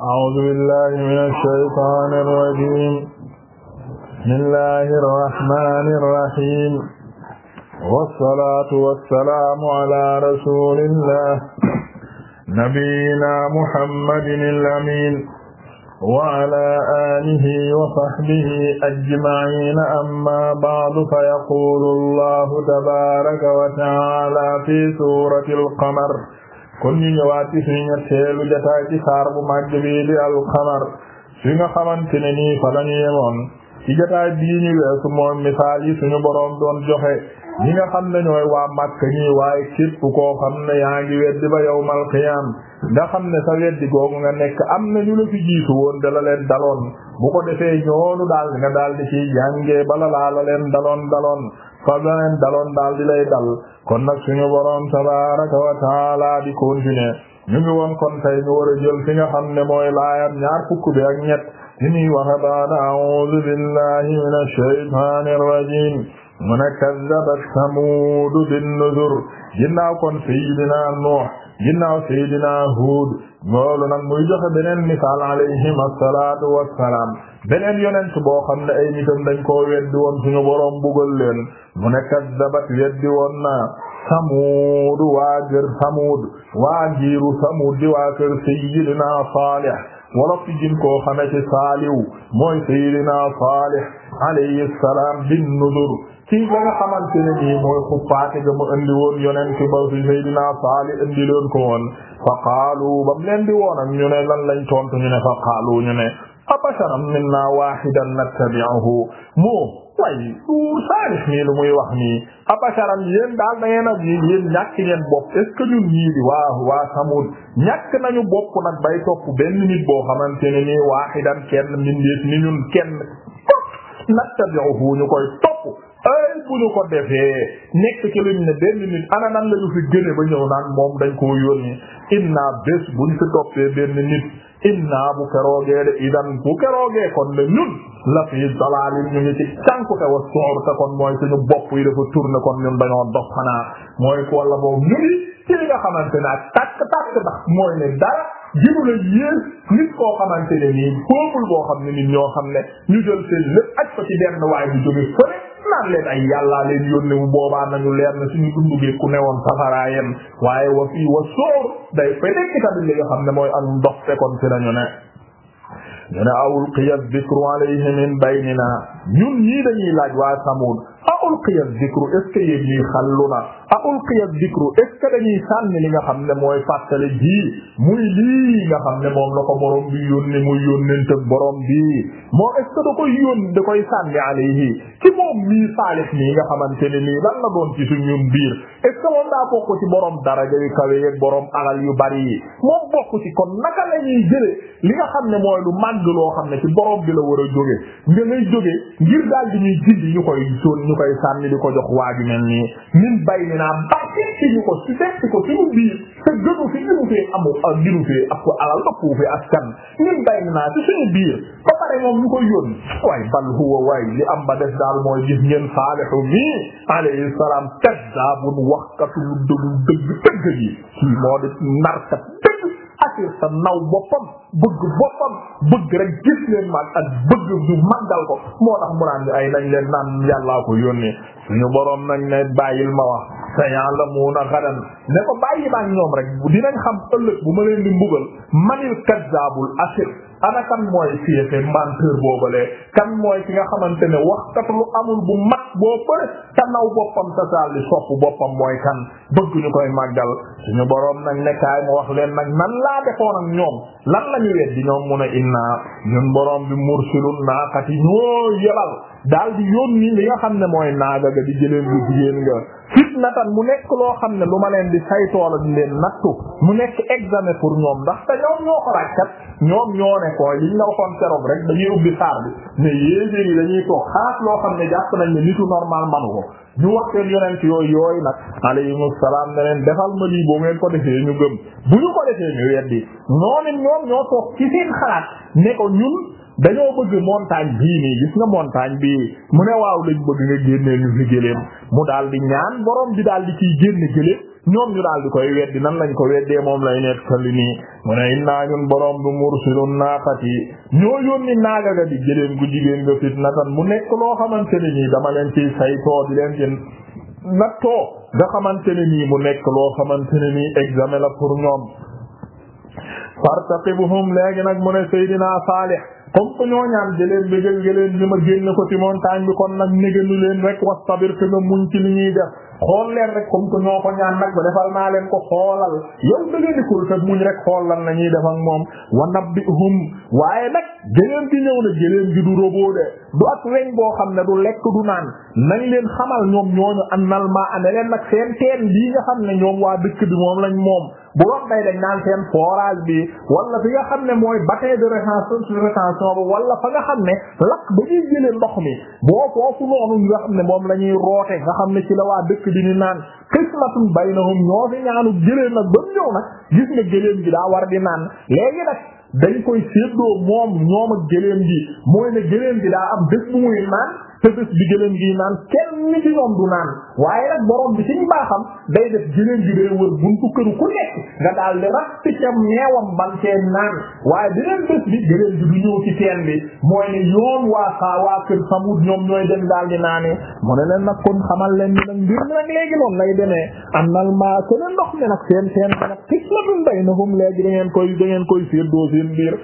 أعوذ بالله من الشيطان الرجيم بسم الله الرحمن الرحيم والصلاة والسلام على رسول الله نبينا محمد الأمين وعلى آله وصحبه أجمعين أما بعد فيقول الله تبارك وتعالى في سورة القمر kon ñu ñëwaat ci suñu ñetteelu jotaay ci saar bu màgg bi di alxamar su nga xamante ne nii fa lañu yemoon ci jotaay bii ñu weesu mooy misaal yi suñu boroom doon joxe ñi nga xam ne ñooy waa Makka ñi waaye képp koo xam ne yaa ngi weddi ba yawmal qiyaam nga xam ne sa weddi googu nga nekk am na ñu la fi jiitu woon dala leen daloon bu ko defee ñoonu daal nga daal di ci jàngee bala laa leen daloon daloon fa la daloon daal di lay dal kon nag suñu boroom tabaaraka wa taala di continuer ñu ngi woon kon tay ñu war a jël fi nga xam ne mooy laayam ñaar fukk bi ak ñett di ñuy waxe baana a'uuzu billahi minash shaytaanir rajiim mun a kazzabat samuudu bin nuzur ginnaaw kon sayyidina nuux ginnaaw sayyidina huud loolu nag muy joxe beneen misaal alayhim assalaatu wassalaam beneen yonent boo xam ne ay nitam dañ koo weddi woon suñu boroom bugal leen mu ne kazzabat weddi woon na samuud waa gër samuud waa giiru samuud di waa kër sayyidina saalih wolof ci gin koo xame ci saaliw mooy sayyidina saalih alayhi salaam bin nuzur ci la nga xamante ne mooy xuppaate ga mu andi woon yonent ba fi Seydina Saalih andi loon ko woon fa qaalu ba mu leen di woon ak ñu ne lan lañ tontu ñu ne fa qaalu ñu ne abasharan minna waahidan nattabi'uhu moo way du Saalih nii lu muy wax nii abasharan yéen daal da ngeen ak yéen ñàkk ngeen bopp est-ce que ñun ñii di waa waa Samud ñàkk nañu bopp nag bay topp benn nit boo xamante ne nii waahidan kenn mindeef ni ñun kenn nattabi'uhu ñu koy topp bu ñu ko defee nekk ci luñ ne benn nit ana nan la ñu fi gëne ba ñëw naan moom dañ koo yónni inna bés buñ fi toppee benn nit inna bu keroogee de idan bu keroogee kon de ñun la fi dalaalin ñu ngi ci cànkute wa suur te kon mooy suñu bopp yi dafa tourné kon ñun dañoo dox xanaa mooy ko walla boobu ñu ngi ci li nga xamante naa ak tàkk tàkk ndax mooy ne dara jiw yées nit koo xamante nii boobul boo xam ne nit ñoo xam ne ñu jël seen lépp aj ko ci benn naan leen ay yàllaa leen yónnee bu boobaa nañu leer na suñu dundu gi ku newoon safaraayem waaye wa fii wa sóor day fay nekk tamit li nga xam ne mooy ak ndox te kon fi nañu ne ñu ne awul qiyas dikru alayhi min baynina ñun ñii dañuy laaj waa Samud awul qiyas dikru est ce que yéen ñii a ulqiya dikru est ce que dañuy sànni li nga xam ne mooy fàttale ji muy lii nga xam ne moom la ko borom bi yónni muy yónnent ak borom bi moo est ce que da koy yónni da koy sànni alayhi ci moom mii saalix nii nga xamante ne nii lan la doon ci suñu biir est ce que moom daa bokk ci borom daraja yu kawe ak borom alal yu bari yi moom bokk ci kon naka la ñuy li nga xam ne mooy lu màgg loo xam ne ci borom bi la war a jóge nga ngay jóge ngir daal di ñuy jindi ñu ñu koy sànni di ko jox waaju mel nii naa bàcce ci ñu ko ci mu biir te gënu fi gënu fee amu gënu fee ak ko alal ëppoo fi askan ñun bay naa ci suñu biir ba pare moom ñu koy yónni bal huwa waaye li am ba des daal mooy gis Saalihu mii alayhi salaam kazzaabun waxkatu lu dëgg dëgg dëgg narkat xaatir sa naw boppam bëgg boppam bëgg rek gis leen mag ak bëgg ñu màggal ko moo tax mu naan ay nañ leen naan yàllaa ko yónnee suñu boroom nañ ne bàyyil ma wax sa ya'lamuna ghadan ne ko bàyyi ma ak ñoom rek dinañ xam ëllëg bu ma leen di mbugal manil kazzabul asir ana kan mooy fiéfe menteur boobale kan mooy ki nga xamante ne waxkat amul bu mag boo bëre te boppam te saalli sopp boppam mooy kan bëgg ñu koy màggal ñu boroom nag nekkaay mu wax leen nag nan laa defoon ak ñoom lan la ñu weddi ñoom mun a innaa ñun boroom bi mursilun naaqati ñoo yebal daal di yónni li nga xam ne mooy naaga ga di jëleen bu jigéen nga fitnatan mu nekk loo xam ne lu ma leen di saytoola di leen nattu mu nekk examen pour ñoom ndax te ñoom ñoo ko ràccat ñoom ñoo ne ko liñ la waxoon keroog rek dañuy ubbi saar bi ne yéegéer yi dañuy toog xaas loo xam ne jàpp nañ ne nitu normal manu ko ñu wax seen yonent yooy yooy nag alayhimu salaam ne leen defal ma lii boo ngeen ko defee ñu gëm bu ñu ko defee ñu weddi noonu ñoom ñoo toog ci seen xalaat ne ko ñun dañoo bëgg montagne bii nii gis nga montagne bii mu ne waaw lañ bëgg nga génnee ñu fi géléem mu daal di ñaan borom bi daal di ciy génne géléem ñoom ñu daal di koy weddi nan lañ ko weddee moom lay nekk sali nii mu ne innaa ñun borom bi mursilun naaqati ñoo yónni naaga ga di géléem gu jigéen nga fitnatan mu nekk loo xamante ne nii dama leen ciy saytoo di leen ci nattoo nga xamante ne nii mu nekk loo xamante ne nii examen la pour ñoom fartaqibuhum léegi nag mu ne comme que ñoo ñaan jëleen bégal ngëleen ni ma génne ko ci montagne bi kon nag néganu leen rek wastabir te nga muñ ci li ñuy def xool leen rek comme que ñoo ko ñaan nag ba defal naa leen ko xoolal yow dëgandikul te muñ rek xool lan la ñuy def moom wa nabbihum waaye nag géléem gi ñëw na géléem gi du roboo de du ak weñ boo xam ne du lekk du naan nañ leen xamal ñoom ñooñu annal maa ane leen nag seen teen lii nga xam ne ñoom waa dëkk bi moom lañ moom bu wax day dañ naan seen forage bi wala fi nga xam ne mooy bassin de rétention rétention bi wala fa nga xam ne lakk ba ñuy jëlee ndox mi boo foofu noonu nga xam ne moom la ñuy roote nga xam ne ci la waa dëkk bi ni naan qismatun baynahum ñoo fi ñaanu jëlee nag ba mu ñëw nag gis nga gëléem gi daa war di naan léegi nag dañ koy séddoo moom ñoom ak gëléem gi mooy ne gëléem gi daa am bés bu muy naan te bi gëléem gi naan kenn ci ñoom du naan waaye nag borom bi ci mbaaxam day def gëléem gi day wër buntu këru ku nekk nga daal di rax ci ca meewam ban naan waaye beneen bés bi gëléem gi du ñëw ci teen bi mooy ne yoon waa saa waa ñoom ñooy dem daal di naane mu ne leen nag kon xamal leen ni nag mbir mi nag léegi noonu lay demee am nal maa ko ne mi nag seen seen bi nag xismatun baynahum léegi da ngeen koy da ngeen koy fiir doo biir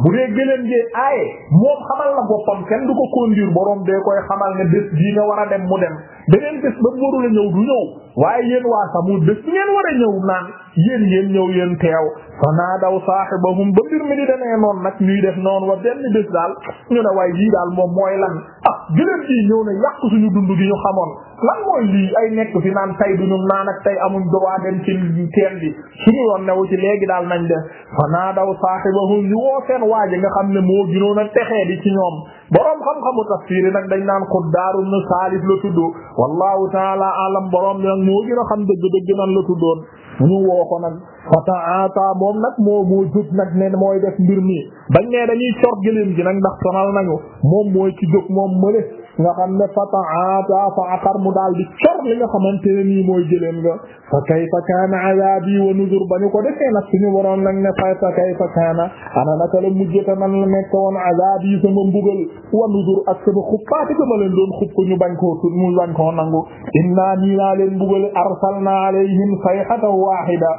kullu dee gëléem gi aaye moom xamal la boppam kenn du ko conduire borom de koy xamal ne bés bii nga war a dem mu dem beneen bés ba mu warul a ñëw du ñëw waaye yéen waa Samud bés ngeen war a ñëw naan yéen ngeen ñëw yéen teew fa naa daw saahibahum ba mbir mi di demee noonu nag ñuy def noonu wa benn bés daal ñu ne waaye lii daal moom mooy lan ah gëléem gi ñëw na yàq suñu dund gi ñu xamoon lan mooy lii ay nekk fi naan tay duñu naan ak tay amuñ droit dem ci teen bi suñu yoon newu ci léegi daal nañ de fa naa daw saahibahum ñu woo seen waaji nga xam ne moo ginoon a texee di ci ñoom boroom xam-xamu tafsir yi nag dañ naan Xuddaar ibn Saalif la tudd wallahu taala alam boroom bi nag moo gën a xam dëgg dëgg nan la tuddoon ñu woo ko nag fataata moom nag moo moo jóg nag ne mooy def mbir mi bañ ne dañuy cor gëléem gi nag ndax sonal nañu moom mooy nga xam ne fataata fa mu daal di cor li nga xamante ne nii mooy jëleem nga fa kayfa kaana azabi wa nuzur ba ñu ko defee a suñu boroom nag ne fa kayfa kaana ana naka la mujjata nan la nekk woon azabi sama mbugal wa nuzur ak sama xuppaati koo tut mu bañ koo nangu inna nii naa leen mbugale arsalna alayhim sayhatan wahida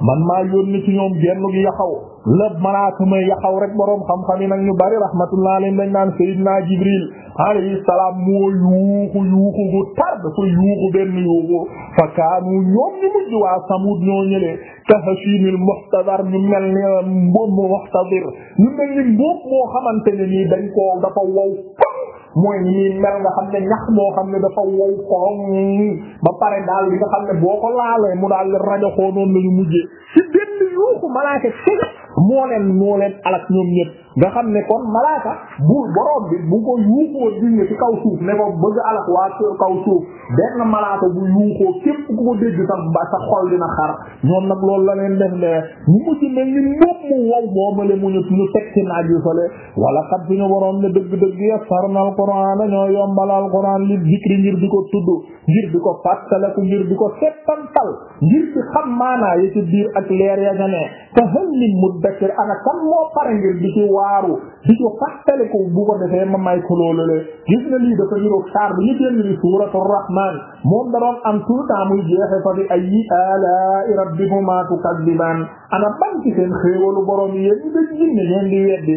man maa yónni ci ñoom genn gi yaxaw la malaatuma yaxaw rek boroom xam-xam yi nag bari rahmatullah alayhi dañ naan Seydina Jibril alayhi salaam moo yuuxu yuuxu gu tar dafa yuuxu benn yuuxu fa kaanu ñoom ñu mujj waa Samud ñoo ñëlee ka hashiimil muhtadar ñu mel ni mboom muhtadir ñu mel ni mboom moo xamante ne nii dañ koo dafa wow mooy nii mel nga xam ne ñax moo xam ne dafa wow koŋ ba pare daal li nga xam ne boo ko laalee mu daal rajo xoo noonu la ñu mujjee ci benn yuuxu malaaka moo leen moo leen alak ñoom ñëpp nga xam ne kon malaaka bu borom bi bu ko yuuxoo junne ci kaw suuf ne ko bëgg alak kaw suuf benn malaaka bu yuuxoo képp ku ko dégg sax ba sa xol dina xar ñoom nag lool la leen def ne ñu mucc mel ni mbóp mu wow moomale mu ñu ñu teg ci naaj yu fale wala kat bi ñu borom ne dëgg-dëgg yassarna alquran dañoo yombal alquran li zikri ngir di ko tudd ngir di ko fàttaliku ngir di ko settantal ngir di xam maanaa yi ci biir ak leer ya waaru di a fàttaliku bu ko defee ma may ko loolu le gis na lii dafa niroog saar bi ñu génn di suuratu rahmaan moom da doon am tout le temps muy jeexe fa i ayyi alaa'i rabbikumaa tukazzibaan ana ban ci seen xéewalu borom yi yéen ñi dañ jinne ñeen di weddi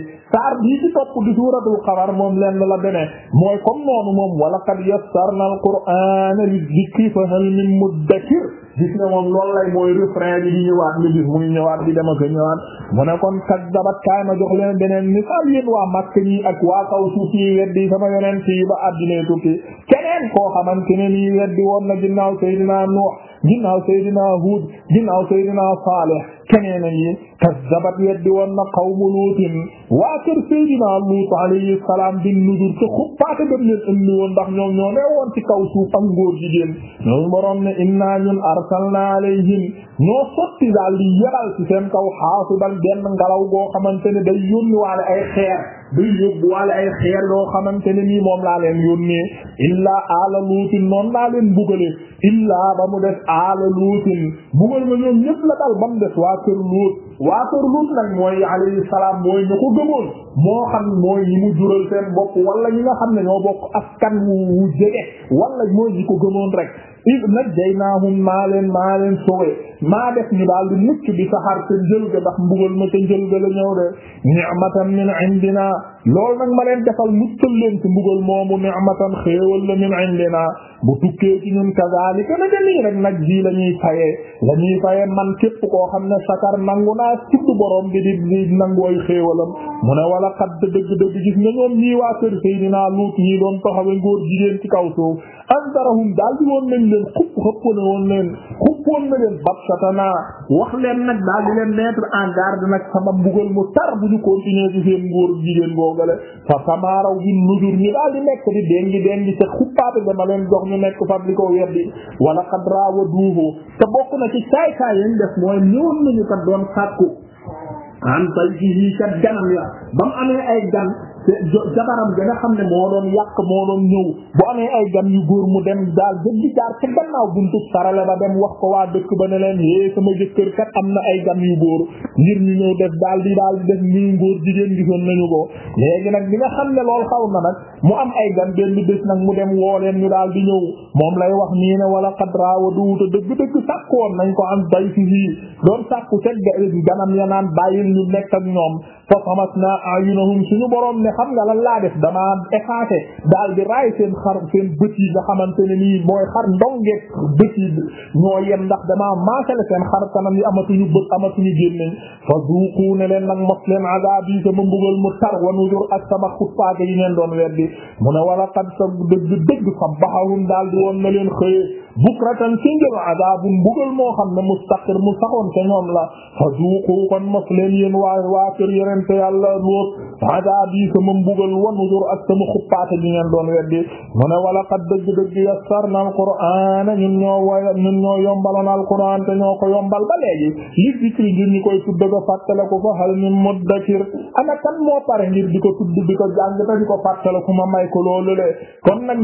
moom lenn la demee mooy comme noonu moom wa laqad yassarnal qur'aana lid-dikri fa hal min muddakir gis nga moom loolu lay mooy refrain bi di ñëwaat nga gis muy ñëwaat di dem ak a ñëwaat mu a kon kat dabat kaay ma jox leen beneen misaal yéen waa Makka ñi ak a kaw suuf yi weddi sama yonent yi ba addinay tukki keneen koo xamante ne nii weddi woon na ginnaaw Seydina Nuux ginnaaw Seydina Huud ginnaaw Seydina Saalih keneen a ñi kazzabat weddi woon na qawmu Luutin waa kër Seydina Luut alayhi salaam te xuppaate gëm leen indi woon ndax ñoom ñoo ne woon ci kaw suuf ak góor jigéen ñooy boroom ne inna ñun arsalna alayhim ñoo sotti daal di yebal ci seen kaw xaasiban benn ngelaw goo xamante ne day yónni ay xeer day yóbbuwaale ay xeer yoo xamante ne nii moom laa leen yónnee illaa aala luutin noonu laa leen bugale illaa ba mu des aala luutin bugal ma ñoom ñëpp la dal ba mu des waa kër luut waa kër nag mooy alayhi mooy ñu ko gëmoon moo xam mooy ñi mu jural seen bopp wala nga xam ne ñoo bokk askan wu jege wala mooy ñi ko gëmoon rek iz najjaynaahum maa leen maa leen sowe maa def ñu daal di mucc bi saxaar te njël ga ndax mbugal ma te njël ga la ñëw de ni'matan min indina loolu nag ma leen defal muccal leen ci mbugal la min indina bu tukkee nag ji la ñuy fayee la ñuy fayee man képp koo xam ne sakar nangu naa tudd borom bi di nangu ay xéewalam mu ne wala wala xadd dëgg-dëgg gis nga ñoom ñii waa kër Seydina Luut ñii doon taxawe ngóor jigéen ci kaw suuf andarahum daal di woon nañ leen xupp xëppale woon leen xuppoon na leen babsatana wax leen nag daal di leen mettre en garde nag sama mbugal mu tar bu ñu continuer ci seen ngóor jigéen googale fa samaaraw bi nujur ñi daal di nekk di dengi dengi te xuppaate dama leen jox ñu nekk fab li ko weddi wala xad raawa duuhu te bokk na ci saay saay yañ def mooy ñëwoon nañu kat doon sàkku an fay ci yii kat ganam ya ba mu amee ay gan jabaram da nga xam ne moo doon yàq moo doon ñëw bu amee ay gan yu góor mu dem daal jëndi jaar ca gannaaw buntu sarale ba dem wax ko waa dëkk ba ne leen é sama jëkkër kat am na ay gan yu góor ngir ñu ñëw def daal di daal di def ñuy góor jigéen gisoon nañu ko léegi nag li nga xam ne lool xaw na nag mu am ay gan benn bés nag mu dem woo leen ñu daal di ñëw moom lay wax nii ne wala xadraawa duwuta dëgg-dëgg sàkk woon nañ ko am bay fi fii doon sàkku set ganam ya naan bàyyil ñu nekk ak ñoom fa famatna ayunahum suñu borom ne xam nga lan laa def damaa effacé daal di raay seen xar seen bët yi nga xamante ne nii mooy xar ndongeeg bët yi ñoo yem ndax damaa maasale seen xar kanam yi amatuñu bët amatuñu génneñ fa zuuqu ne leen nag ma leen azab yi sama mbugal mu tar wa nuzur ak sama xutpaake yi ngeen doon weddi mu ne wala qad sa dëgg daal di woon na leen xëyee bukratan ci njël adabun mbugal moo xam ne mustaqir mu saxoon ñoom la fa duuqu kon mos leen yéen waa waa kër yenente yàlla loot adab yi sama mbugal wanuzur a sama xuppaate bi ngeen doon weddi mu ne wala qad dëgg-dëgg yassarna alqur'ana ñun ñoo way ñun ñoo yombaloon alqur'an te ko yombal ba li zikri ngir ñi koy tudd ko fàttale ko fa hal min muddakir ana kan moo pare ngir di ko tudd di ko jàng te di ko fàttale ku ma may ko loolu le kon nag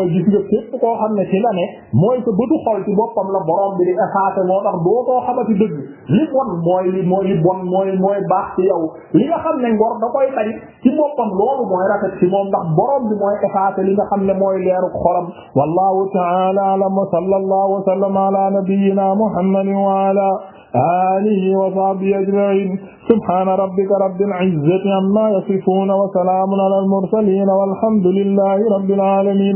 nga mooy gis nga képp koo xam ne ci la ne mooy sa bëtu xol ci boppam la borom bi di effacé moo tax doo koo xamati dëgg li bon mooy li mooy li bon mooy mooy baax ci yow li nga xam ne ngor da koy tari ci boppam loolu mooy rafet ci moom ndax borom bi mooy effacé li nga xam ne mooy leeru xolam wallahu ta'ala a'lam wa sallallahu wa sallama ala nabiyyina muhammadin wa ala alihi wa sahbihi ajma'in subhana rabbika rabbil izzati amma yasifun wa salamun ala al mursalin walhamdulillahi rabbil alamin